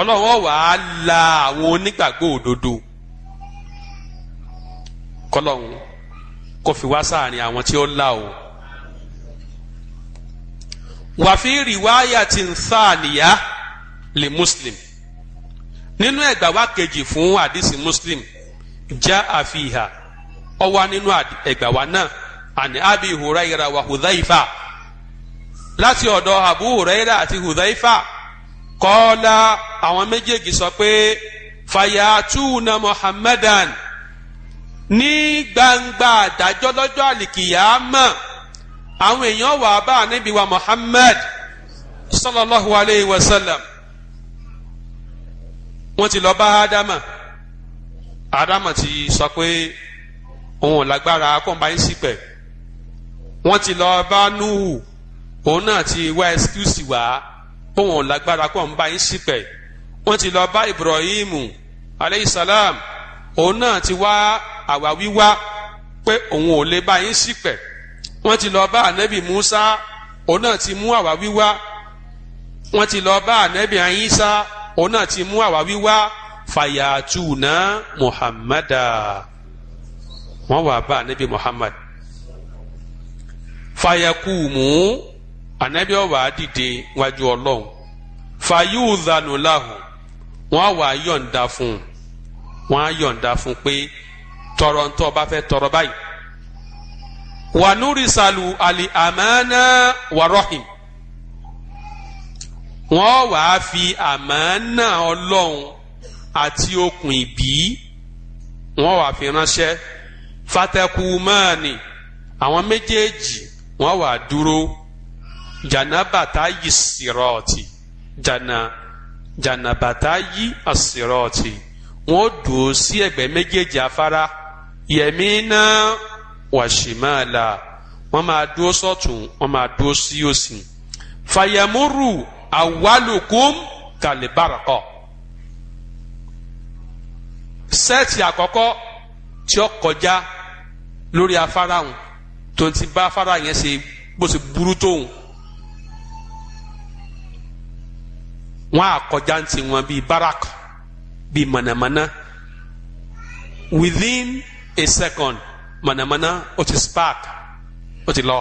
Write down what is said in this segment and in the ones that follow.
ọlọ́wọ́ wà á la àwọn onígbàgbọ́ òdodo kọlọ́hún kò fi wá sáàrin àwọn tí ó la o. wàfi rìwáyà ti ń sáàníyá lè muslim nínú ẹgbà wa kejì fún àdìsí muslim já àfihàn ó wà nínú ẹgbà wa náà àní abi huraira wa hudhaifa láti ọ̀dọ̀ abu huraira àti hudhaifa kọ́ọ́lá àwọn méjèèjì sọ pé fayatuna muhammadan ní gbangba àdájọ́ lọ́jọ́ àlìkìyàmọ̀ àwọn èèyàn wà bá ànábì wa muhammad sallallahu alayhi wa sallam wọ́n ti lọ bá ádámà ádámà ti sọ pé òun ò lágbára kọ́ńbà yín sípẹ̀ wọ́n ti lọ bá núhù òun náà ti wá ẹ́síkúùsì wá bóun ò lágbára kó ń bá yín ṣìpẹ̀ wọ́n ti lọ bá Ibrahim aleyhisalaam òun náà ti wá àwa wíwá pé òun ò lè bá yín ṣìpẹ̀ wọ́n ti lọ bá anabi Musa òun náà ti mú àwa wíwá wọ́n ti lọ bá anabi Isa òun náà ti mú àwa wíwá fàyàtúnà Muhammada wọ́n wà bá anabi Muhammad fàyàkùmù anabi ọwọ adìde wájú Ọlọ́run fàyúùdánù láhùn wọn á wà yọ̀ǹda fún un wọn á yọ̀ǹda fún un pé tọrọ ń tọ́ bá fẹ́ tọrọ báyìí wànúrísàlù àlì àmánà wàrọ́hìn wọn wà á fi àmánà Ọlọ́run àti okùn ìbí wọn wà fi ránṣẹ́ fatakùmáàni àwọn méjèèjì wọn wà dúró janabata yi sirọti jana janabata yi asirọti wọn dùn sí ẹ̀gbẹ́ méjèèjì afárá yẹmí náà wàṣímàlà wọn máa dúró sọ́tún wọn máa dúró sí òsì fàyẹmúrù àwálùkùm kàlíbàràkọ sẹ́ẹ̀tì àkọ́kọ́ tí ó kọjá lórí afárá wọn tó ti bá afárá yẹn ṣe bó ṣe burú tóun wọn àkọjá ntí wọn bíi barak bíi mànàmáná within a second mànàmáná ó ti spark ó ti lọ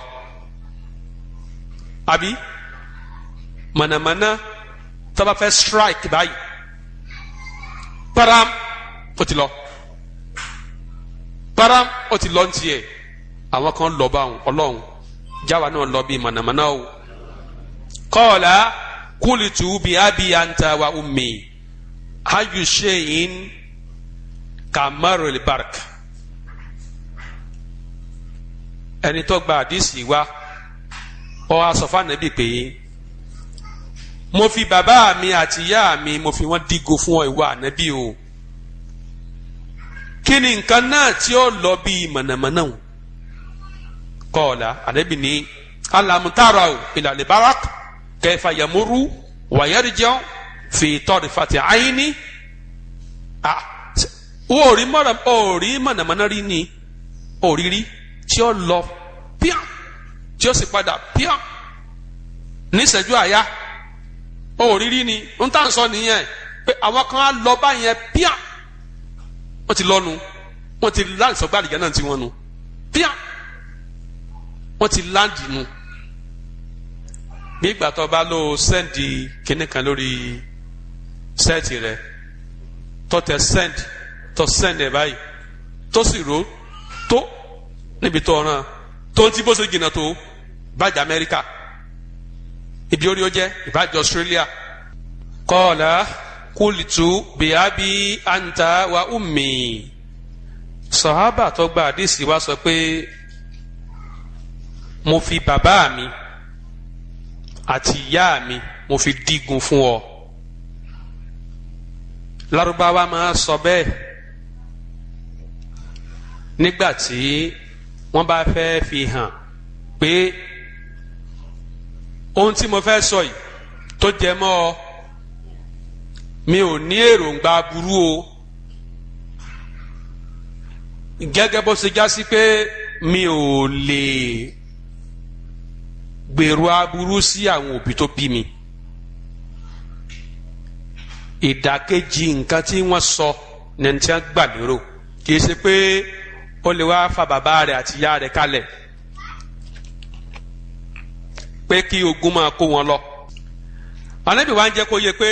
àbí mànàmáná tó bá strike báyìí param ó ti lọ param ó ti lọ ní tiẹ̀ àwọn kan lọ bá wọn ọlọ́run jáwa náà lọ bíi mànàmáná o kọ́ọ̀lá kulitu bi abi anta wa ummi hayu shein kamaru libark ẹni tó gba àdìsí wa ó wá sọ fún ànábì pé mo fi bàbá mi àti ìyá mi mo fi wọ́n dígo fún ọ ìwà ànábì o kí ni nǹkan náà tí ó lọ bíi mọ̀nàmọ́ná kọ́ ọ̀la ànábì ní alamutara o ìlàlẹ̀ barak kẹfà yamuru wàyẹrìjẹun fìtọ́rì fàtì àyíní òòrí mọ̀nà òòrí mọ̀nàmọ́ná rí ni òrírí tí ó lọ píà tí ó sì padà píà níṣẹ́jú àyà òrírí ni ń tà ń sọ nìyẹn pé àwọn kan á lọ báyẹn píà wọ́n ti lọ́nu wọ́n ti láǹsọ̀gbà àlìjẹ́ náà ti nu píà wọ́n ti láǹdì nu bí ìgbà tó bá lò sẹ́ǹdì kínní kan lórí sẹ́ẹ̀tì rẹ tó tẹ sẹ́ǹdì tó sẹ́ǹdì ẹ̀ báyìí tó sì ró tó níbi tó ràn tó ń tí bó ṣe jìnnà tó bàjẹ́ Amẹ́ríkà ibi orí ó jẹ́ ìbàjẹ́ Australia kọ́ọ̀lá kúlìtù bìábí àǹtà wa ùmì sọ̀hábà tó gba àdìsí wa sọ pé mo fi bàbá mi àti ìyá mi mo fi dígun fún ọ lárúbáwá máa sọ bẹ́ẹ̀ nígbà tí wọ́n bá fẹ́ fi hàn pé ohun tí mo fẹ́ sọ yìí tó jẹ mọ́ ọ mi ò ní èròǹgbà burú o gẹ́gẹ́ bó ṣe já sí pé mi ò lè gbèrò aburú sí àwọn òbí tó bí mi ìdàkejì nǹkan tí wọ́n sọ ní ti ń gbà lérò kì í ṣe pé ó lè wá fa bàbá rẹ̀ àti ìyá rẹ̀ kalẹ̀ pé kí ogun máa kó wọn lọ ànábì wa ń jẹ́ kó yẹ pé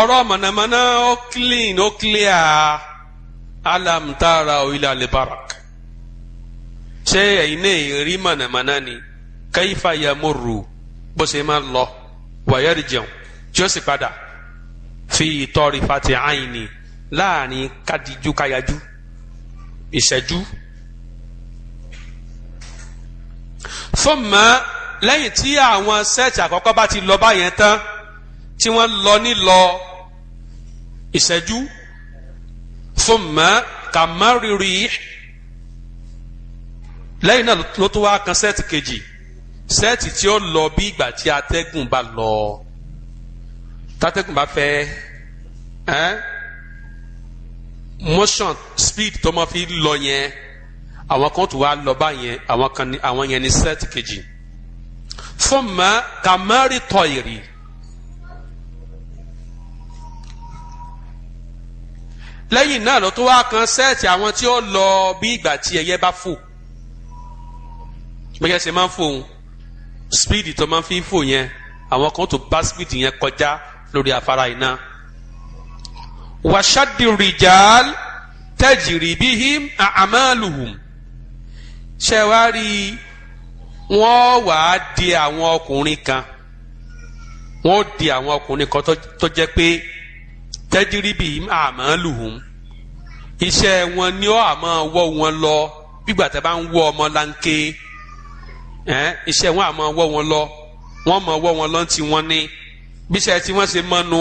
ọ̀rọ̀ mọ̀nàmọ́ná ó clean ó clear alam tara ila libarak ṣé ẹ̀yin náà rí mànàmáná ni kẹ́yìfà yamuru bó ṣe máa lọ wàyẹ́rì jẹun tí ó sì padà fi ìtọ́rí fati àìní láàrin kádìjú káyájú ìṣẹ́jú. fọ́ọ̀mù lẹ́yìn tí àwọn sẹ́ẹ̀tì àkọ́kọ́ bá ti lọ báyẹn tán tí wọ́n lọ nílọ ìṣẹ́jú fọ́ọ̀mù kàmárìrì lẹ́yìn náà ló tó wá kan sẹ́ẹ̀tì kejì sẹ́ẹ̀tì tí ó lọ bí ìgbà tí atẹ́gùn bá lọ tátẹ́gùn bá fẹ́ ẹ́n motion speed tó máa fi lọ yẹn àwọn kan tó wá lọ báyẹn àwọn kan ní àwọn yẹn ní sẹ́ẹ̀tì kejì fún mọ́ kàmárì tọ̀yìrì lẹ́yìn náà ló tó wá kan sẹ́ẹ̀tì àwọn tí ó lọ bí ìgbà tí ẹyẹ bá fò gbẹ́gẹ́ ṣe máa ń fòun speed tó máa ń fi fò yẹn àwọn kan tó bá speed yẹn kọjá lórí afárá iná. wàṣádì rìjàl tẹ́jìrì bíhìm àmàlùhùm ṣẹ̀wárí wọ́n wàá di àwọn ọkùnrin kan wọ́n di àwọn ọkùnrin kan tó jẹ́ pé tẹ́jìrì bíhìm àmàlùhùm iṣẹ́ wọn ni ó àmọ́ wọ́ wọn lọ bí gbàtẹ́ bá ń wọ́ ọmọ láńké ẹ iṣẹ́ wọn àmọ́ wọ́ wọn lọ wọ́n mọ̀ wọ́ wọn lọ ti wọn ní bíṣẹ́ tí wọ́n ṣe mọ́nu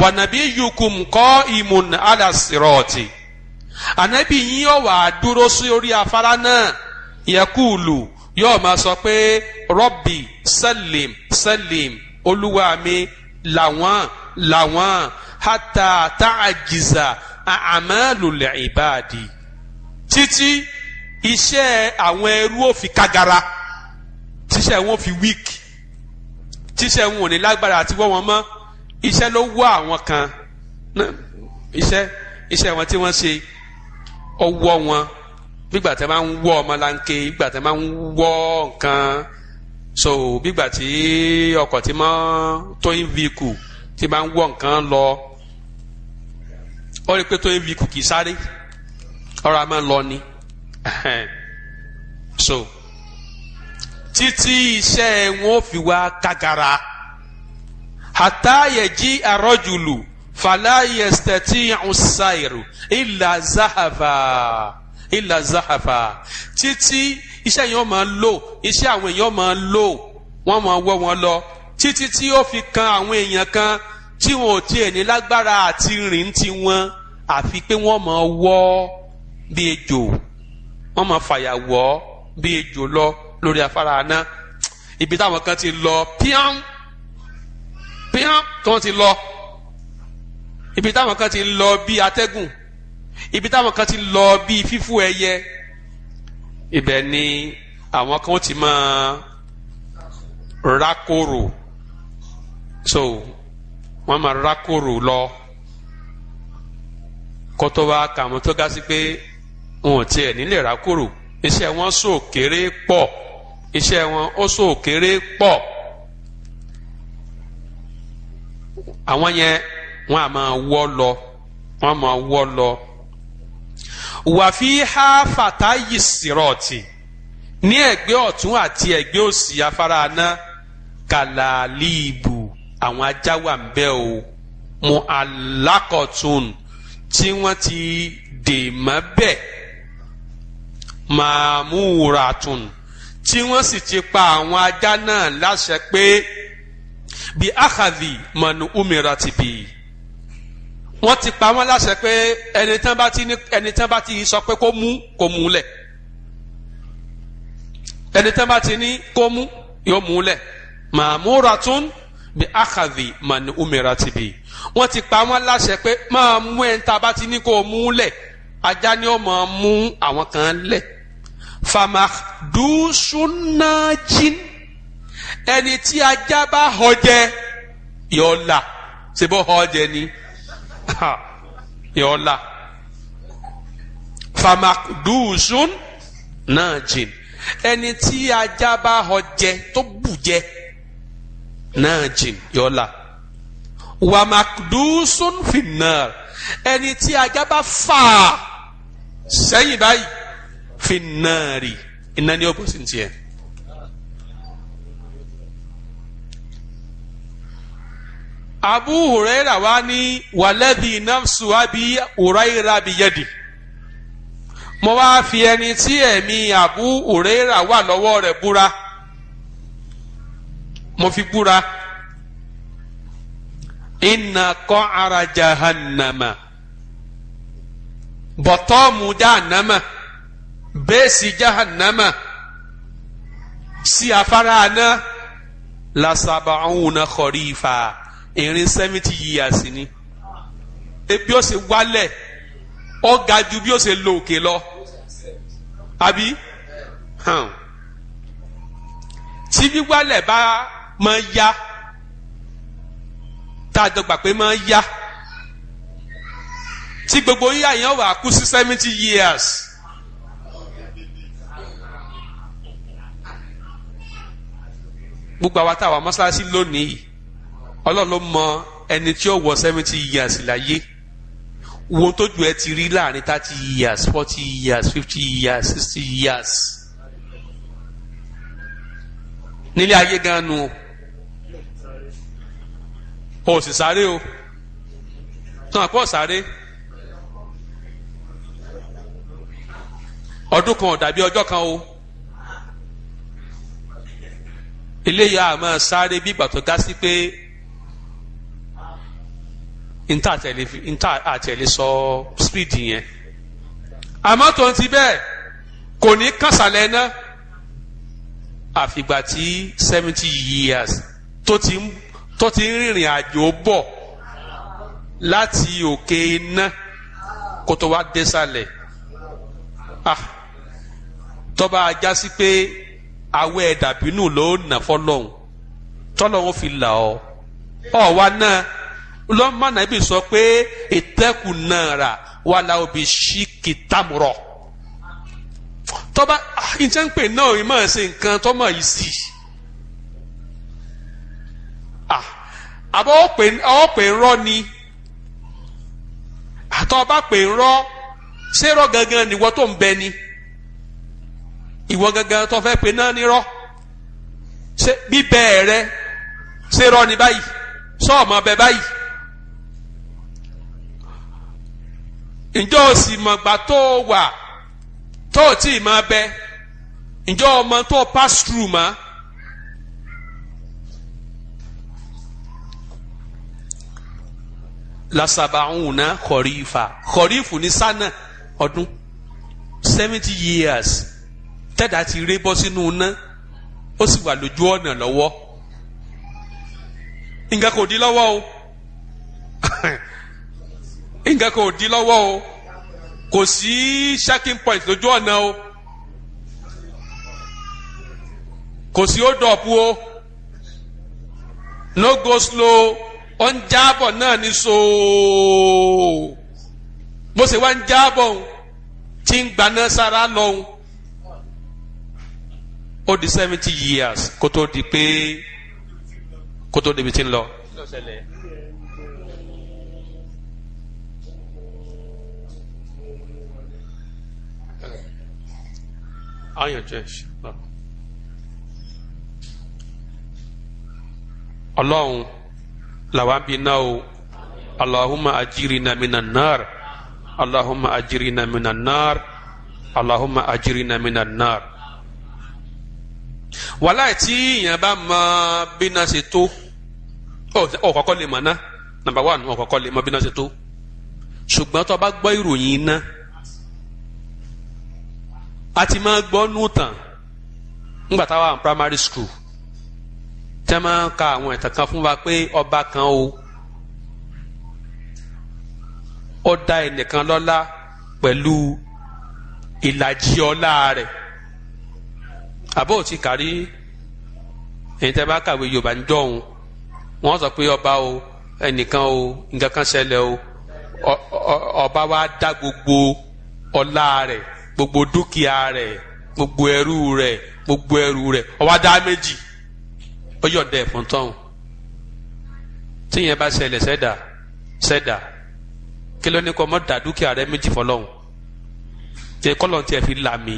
wànàbí yukum kọ́ ìmùn alàsirọ̀tì ànábì yín yóò wà dúró sí orí afárá náà yẹkùlù yóò máa sọ pé rọ́bì sẹ́lìm sẹ́lìm olúwa mi làwọn làwọn hátà tá àjìzà àmàlùlẹ̀ títí iṣẹ́ àwọn ẹrú ò fi kagara tíṣẹ́ wọn fi weak tíṣẹ́ wọn ò ní lágbára àti wọ́n wọn mọ́ iṣẹ́ ló wọ́ àwọn kan iṣẹ́ iṣẹ́ wọn tí wọ́n ṣe ọwọ́ wọn bígbà tí a máa ń wọ́ ọmọlanke bígbà tí a máa ń wọ́ nǹkan so bígbà tí ọkọ̀ tí mọ́ towing vehicle tí máa ń wọ́ nǹkan lọ ó rí i pé towing vehicle kì í sáré ọ̀rọ̀ a máa ń lọ ni. so títí iṣẹ́ wọn ò fi wá kagara àtàyẹ̀jì àrọ́jùlù fàlàyẹ̀sítẹ̀tì ọ̀sàìrù ìlà záhàfà ìlà záhàfà títí iṣẹ́ yẹn máa lò iṣẹ́ àwọn èèyàn máa lò wọ́n máa wọ́ wọn lọ títí tí ó fi kan àwọn èèyàn kan tí wọn ò tiẹ̀ ní lágbára àti rìn tiwọn àfi pé wọ́n máa wọ́ bí ejò wọ́n máa fàyàwọ́ bí ejò lọ lórí afárá aná ibi táwọn kan ti lọ píán píán tó ti lọ ibi táwọn kan ti lọ bí atẹ́gùn ibi táwọn kan ti lọ bí fífú ẹyẹ ibẹ̀ ni àwọn kan ti máa rákòrò so wọ́n máa rákòrò lọ kótó wa kà wọ́n tó ga sí pé wọn ò tiẹ̀ nílẹ̀ rákòrò iṣẹ́ wọn sò kéré pọ̀ iṣẹ́ wọn ó sò kéré pọ̀ àwọn yẹn wọn a máa wọ́ lọ wọn a máa wọ́ lọ wàfi ha fata yi sirọti ní ẹ̀gbẹ́ ọ̀tún àti ẹ̀gbẹ́ òsì afárá aná kàlàlíìbù àwọn ajá ń bẹ o mu alákọ̀tún tí wọ́n ti dè mọ́ bẹ́ẹ̀ màmúratùn tí wọ́n sì ti pa àwọn ajá náà láṣẹ pé bí akadì mọ̀nù umira ti bì í wọ́n ti pa wọ́n láṣẹ pé ẹni tán bá ti ẹni tán bá ti sọ pé kó mú kó mú lẹ̀ ẹni tán bá ti ní kó mú yóò mú lẹ̀ màmúratùn bí akadì mọ̀nù umira ti bì wọ́n ti pa wọ́n láṣẹ pé máa mú ẹni tá bá ti ní kó mú lẹ̀ ajá ni ó máa mú àwọn kan lẹ̀ famadusunajin ẹni tí ajá bá họ jẹ yọ la ṣe bó họ jẹ ni yọ la famadusunajin ẹni tí ajá bá họ jẹ tó bù jẹ náà jìn yọ la wàmàdùsùn fìnnà ẹni tí ajá bá fà sẹ́yìn báyìí fi naari iná ní ọ̀pọ̀ sí ní tiẹ̀. Abu Huraira wa ní wàlẹ́dì nafsu abi Huraira bi yẹ́dì mo wá fi ẹni tí ẹ̀mí Abu Huraira wà lọ́wọ́ rẹ̀ búra mo fi búra inna kọ́ ara jahannama bọ̀tọ́ọ̀mù jahannama bẹ́ẹ̀sì jahannama sí afárá aná lasaba ọ̀húnà kharifa ìrìn seventy years ni ebi ó ṣe wálẹ̀ ó ga ju bí ó ṣe lọ òkè lọ àbí tí wíwálẹ̀ bá máa ya tá a dọ́gba pé máa ya tí gbogbo yíyá yẹn wà kú sí seventy years. gbogbo àwa tá a wà mọ́ṣáláṣí lónìí ọlọ́run ló mọ ẹni tí ó wọ seventy years láyé wo tó ju ẹ ti rí láàrin thirty years forty years fifty years sixty years nílé ayé ganu. nu o sì sáré o tán àpọ̀ sáré ọdún kan ò dàbí ọjọ́ kan o. eléyìí a máa sáré bí ìgbà tó ga sí pé níta àtẹ̀lé sọ speed yẹn àmọ́ tó ń ti bẹ́ẹ̀ kò ní kásálẹ̀ náà àfìgbà tí seventy years tó ti ń tó ti ń rìnrìn àjò bọ̀ láti òkè iná kó tó wá désàlẹ̀ ah tó bá já sí pé. awẹ́ dàbínú ló nà fọlọ́hún tọ́lọ́hún fi là ọ́ ọ̀ wa naa lọ́mọ mana ibi sọ pé ìtẹ́kù náà rà wà lá òbí ṣí kìtàmùrọ̀ tọ́ba ìjẹ́ ah, ń pè náà ìmọ̀ ṣe nǹkan tọ́mọ̀ yìí sí ah, àbọ̀ ọ̀ pè ń rọ́ ni àtọ́ ọba pè ń rọ́ ṣé rọ́ gangan niwo tó ń bẹ ni. ìwọ gangan tó fẹ́ pè náà nírọ́ ṣé bíbẹ́ rẹ ṣé rọ ni báyìí sọ́ọ̀mọ bẹ báyìí ǹjọ́ òsì mọ̀gbà tó wà tó tí ì máa bẹ ǹjọ́ ọmọ tó pass through mọ́. lasabauna kọrífà kọrífù ní sánà ọdún seventy years tẹ́dà ti ré bọ́ sínú iná ó sì wà lójú ọ̀nà lọ́wọ́ nǹkan kò di lọ́wọ́ o nǹkan kò di lọ́wọ́ o kò sí checking point lójú ọ̀nà o kò sí hold up o no go slow ó ń jábọ̀ náà ní sòó bó ṣe wá ń jábọ̀ tí ń gbaná sára lọ́hùn ó di seventy years kó tó di pé kó tó débi tí ń lọ. ayọ̀jọ́ ẹ̀ṣẹ̀ náà. ọlọ́run làwa bí náà o allahumma na mina nar allahumma ajirina minan nar allahumma ajirina minan nar wàláì tí èèyàn bá mọ bí náà ṣe tó ọ̀kọ̀ọ̀kọ̀ lè mọ̀ ná nàmbà wà nù ọ̀kọ̀ọ̀kọ̀ lè mọ bí náà ṣe tó ṣùgbọ́n tó bá gbọ́ ìròyìn iná a ti máa gbọ́ nùtàn ńgbà táwa àwọn primary school tí a máa ka àwọn ìtàn kan fún wa pé ọba kan o ó dá ẹnìkan lọ́lá pẹ̀lú ìlàjì ọlá rẹ̀ àbó ò ti kárí ẹ̀yin tẹ́ bá kàwé yorùbá ń dọ̀hún wọ́n sọ pé ọba o ẹnìkan o nǹkan kan ṣẹlẹ̀ o ọba wa dá gbogbo ọlá rẹ̀ gbogbo dúkìá rẹ̀ gbogbo ẹrú rẹ̀ gbogbo ẹrú rẹ̀ ọba dá méjì ó yọ̀ǹda ẹ̀fọn tọ́hún tíyẹn bá ṣẹlẹ̀ sẹ́dà sẹ́dà kí ló ní kọ́ mọ́ dá dúkìá rẹ̀ méjì fọlọ́hún tí kọ́lọ́n tiẹ̀ fi là mí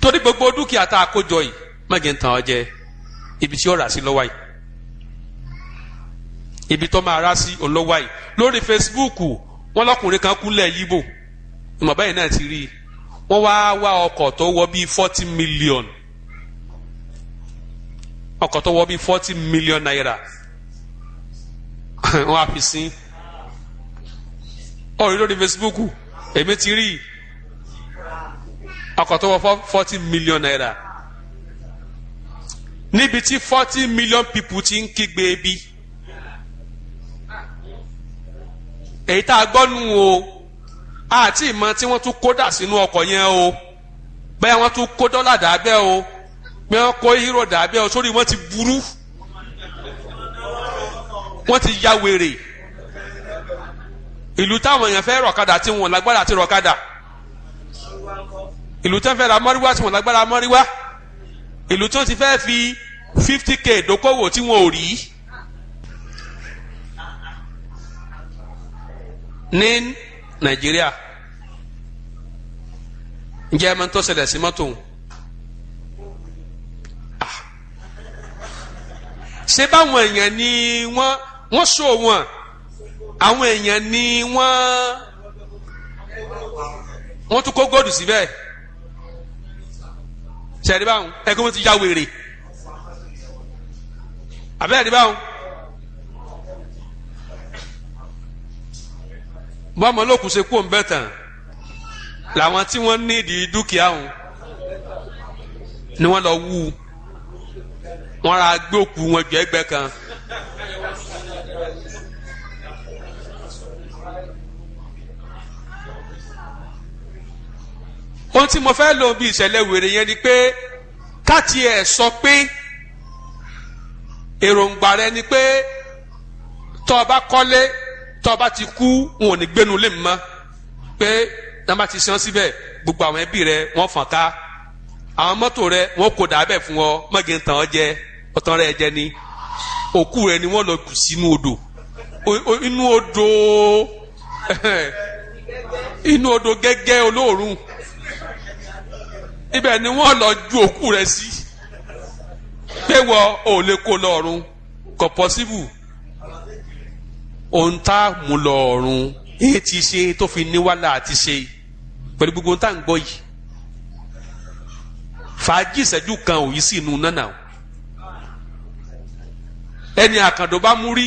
torí gbogbo dúkìá tá a kó jọ yìí mọ̀jẹ̀ ń tàn ọ́ jẹ ibi tí ó rà sí lọ́wọ́ yìí ibi tó máa rà sí olówó yìí lórí Facebook wọn lọkùnrin kan kúlẹ̀ yíbò ìmọ̀ báyìí náà ti rí i wọ́n wá wá ọkọ̀ tó wọ bíi forty million ọkọ̀ tó wọ bíi forty million naira wọ́n á fi sí ọ̀rẹ́ lórí Facebook èmi ti rí i akọ̀tọ̀ wọ forty million naira níbi tí forty million people ti ń kígbe ebi èyí tá a gbọ́ nù o àti ìmọ̀ tí wọ́n tún kódà sínú ọkọ̀ yẹn o bẹ́ẹ̀ wọ́n tún kó dọ́là dàbẹ́ o bí wọ́n kó hírò dàbẹ́ o sórí wọ́n ti burú wọ́n ti ya wèrè ìlú táwọn èèyàn fẹ́ rọ̀kadà tí wọ́n lágbára ti rọ̀kadà ìlú tí wọ́n fẹ́ ra mọ́ríwá tí wọ́n lágbára mọ́ríwá ìlú tí wọ́n ti fẹ́ fi fifty k dókòwò tí wọ́n ò rí. ní nàìjíríà ǹjẹ́ ẹ máa ń tó ṣẹlẹ̀ sí mọ́tò ń. Ah. ṣé báwọn èèyàn ni wọ́n wọ́n sọ wọn àwọn èèyàn ni wọ́n wọ́n tún kó góòdù síbẹ̀. Si sẹ̀rí báwọn ẹ̀kọ́ wọn ti ya wèrè àbẹ́rẹ́ báwọn. bọ́mọ ló kù ṣe kú òǹbẹ́ tán làwọn tí wọ́n nídìí dúkìá òun ni wọ́n lọ wú wọ́n ra gbé òkú wọn jù kan. ohun tí mo fẹ́ lò bí ìṣẹ̀lẹ̀ wèrè yẹn ni pé káàtì ẹ̀ sọ pé èròǹgbà rẹ ni pé tọ́ ọ bá kọ́lé tọ́ ọ bá ti kú wọn ò ní gbénu lé mi mọ́ pé náà bá ti san síbẹ̀ gbogbo àwọn ẹbí rẹ wọ́n fọ̀n ká àwọn mọ́tò rẹ wọ́n kò dà bẹ́ẹ̀ fún ọ mọ́gì ń tàn ọ́ jẹ ọ̀tàn rẹ jẹ ni òkú rẹ ni wọ́n lọ kù sínú odò inú odò inú odò gẹ́gẹ́ olóòórùn. ibẹ̀ ni wọ́n lọ ju òkú rẹ̀ sí pé wọ ò lè kó lọ ọ̀run kò pọ́síbù òun tá a mú lọ ọ̀run èyí ti ṣe tó fi ní wàhálà àti ṣe pẹ̀lú gbogbo tá à ń gbọ́ yìí fàájì ìṣẹ́jú kan òyì sí inú nánà o ẹni àkàndó bá mú rí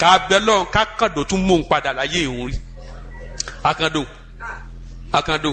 ká bẹ lọ́n ká kàndó tún mú un padà láyé òun rí àkàndó àkàndó.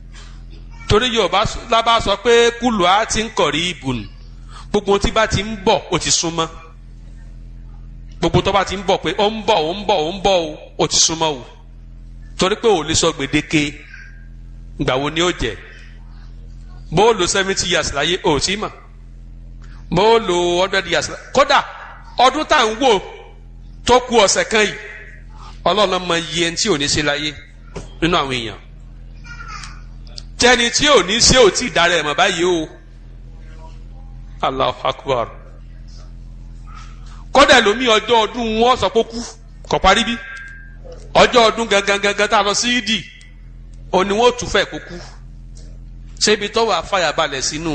torí yorùbá lábá sọ pé kúlù á ti ń kọ̀rí ibùn gbogbo tí bá ti ń bọ̀ ó ti súnmọ́ gbogbo tó bá ti ń bọ̀ pé ó ń bọ̀ ó ń bọ̀ ó ń bọ̀ ó ti súnmọ́ o torí pé ò lè sọ gbèdéke ìgbà wo ni ó jẹ́ bóòlù seventy years láyé ò tí mà bóòlù hundred years láyé kódà ọdún tá à ń wò tó ku ọ̀sẹ̀ kan yìí ọlọ́run mọ iye tí ò ní ṣe láyé nínú àwọn èèyàn tẹni tí ò ní ṣe ò tí ì darẹ̀ mọ̀ báyìí o Allahu Akbar kọ́dà lómi ọjọ́ ọdún wọn sọ pé kú kọ̀ parí bí ọjọ́ ọdún gangan gangan tá a lọ sí ìdì òní wọn ò tún fẹ́ kó kú ṣé ibi tọ́wọ́ afáyàbalẹ̀ sínú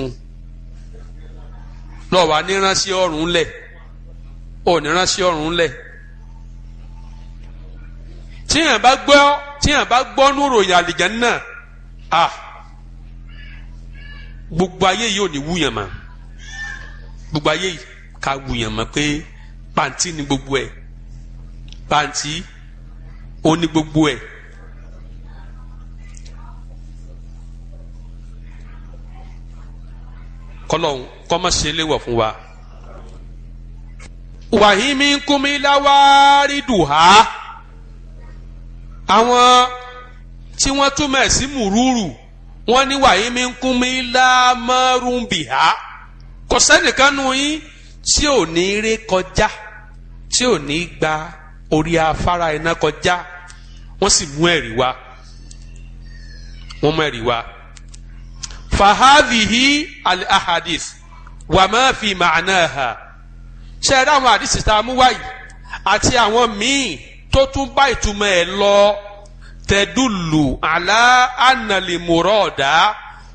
lọ́wọ́ aníranṣẹ́ ọ̀run lẹ̀ òníranṣẹ́ ọ̀run lẹ̀ tíyàn bá gbọ́ tíyàn bá gbọ́ nù ròyìn àlìjẹ́ náà ah gbogbo ayé yìí ò ní wúyàn ma gbogbo ayé yìí ká wúyàn mọ́ pé pàǹtí ni gbogbo ẹ̀ pàǹtí ó ní gbogbo ẹ̀. kọlọ́n kọ́mọ́sẹ̀ lè wọ̀ fún wa. wàhíìmí kúmílá wá rí dùhá àwọn tí wọ́n túmọ̀ sí mùrúrù wọ́n ní wàyí mi ń kún mi lámọ́rún bìhá kò sẹ́nìkan nu yín tí ò ní ré kọjá tí ò ní gba orí afárá iná kọjá wọ́n sì mú ẹ̀rí wá wọ́n mú ẹ̀rí wá. fahadihi al-ahadith wà má fi màánà ha ṣe é dáhùn àdìsí tá a mú wáyìí àti àwọn míì tó tún bá ìtumọ̀ ẹ̀ lọ tẹdùlù àlá ànàlìmùrọ̀dá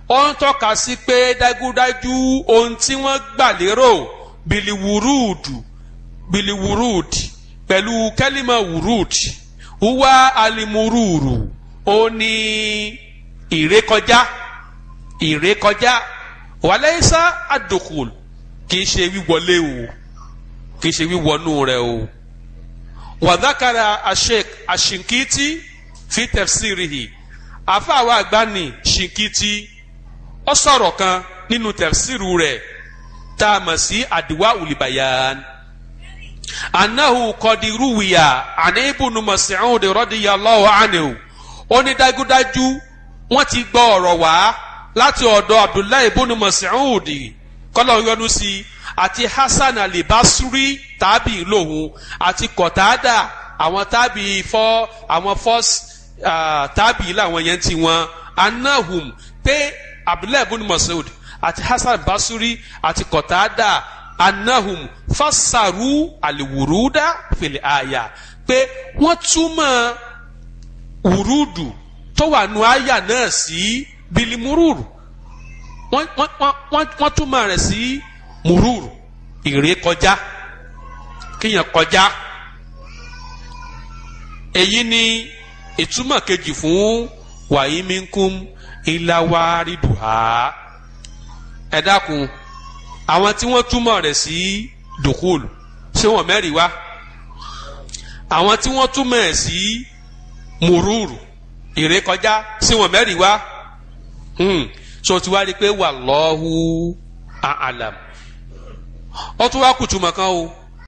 ó ń tọ́ka sí pé dájúdájú ohun tí wọ́n gbà lérò bìlìwùrúùdù bìlìwùrúùdì pẹ̀lú kẹ́límà wùrúùdì huwa alimururu ó ní ìrékọjá ìrékọjá wàlẹ́sà àdùkùl kì í ṣe wíwọlé o kì í ṣe wíwọnú rẹ o wàdákàrà àṣekìtì fi tafsirihi àfàwọ̀ àgbáni ṣìkìtì ó sọ̀rọ̀ kan nínú tafsiru rẹ̀ tá a mọ̀ sí àdìwá olùbàyàn anahu kọdiruwiya ani ibunu Mas'ud radiyallahu anhu ó ní dájúdájú wọ́n ti gbọ́ ọ̀rọ̀ wá láti ọ̀dọ̀ Abdullahi ibunu Mas'ud kọ́lọ̀ yọ́nú sí i àti Hasan alibasuri tabi lòun àti Kọ̀tádà àwọn tàbí fọ́ àwọn first tábì làwọn yẹn ti wọn anahum pé abdullahi ibn masud àti hasan basuri àti kọtada anahum fasaru aliwuruda fil aya pé wọ́n túmọ̀ wùrúdù tó wà nù àyà náà sí bilimururu wọ́n túmọ̀ rẹ̀ sí mururu ìrékọjá kéèyàn kọjá èyí ni ìtumọ̀ kejì fún wàyí minkum ìlàwárí dùhà ẹ dákun àwọn tí wọ́n túmọ̀ rẹ̀ sí dùkúlù ṣé wọ́n mẹ́rin wá àwọn tí wọ́n túmọ̀ ẹ̀ sí mùrúùrù ìrékọjá ṣé wọ́n mẹ́rin wá hmm, so ti wá rí i pé wallahu a'lam ó tún wá kùtùmọ̀ kan o.